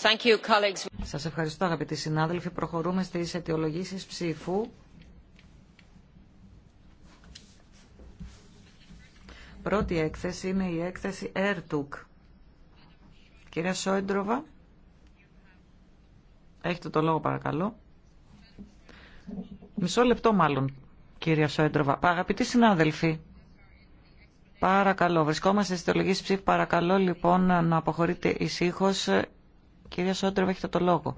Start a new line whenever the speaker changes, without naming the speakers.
Thank
Σας ευχαριστώ αγαπητοί συνάδελφοι. Προχωρούμε στις αιτιολογήσεις ψήφου. Πρώτη έκθεση είναι η έκθεση ΕΡΤΟΚ. Κυρία Σόιντροβα, έχετε το λόγο παρακαλώ. Μισό λεπτό μάλλον, κυρία Σόιντροβα. Αγαπητοί συνάδελφοι, παρακαλώ, βρισκόμαστε στις αιτιολογήσεις ψήφου. Παρακαλώ λοιπόν να αποχωρείτε ησύχω Κύριε Σόντροβα, έχετε το λόγο.